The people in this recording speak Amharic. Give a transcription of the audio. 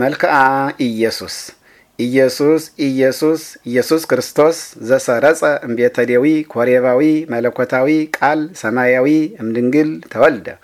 መልክዓ ኢየሱስ ኢየሱስ ኢየሱስ ኢየሱስ ክርስቶስ ዘሰረጸ እምቤተ ደዊ ኮሬባዊ መለኮታዊ ቃል ሰማያዊ እምድንግል ተወልደ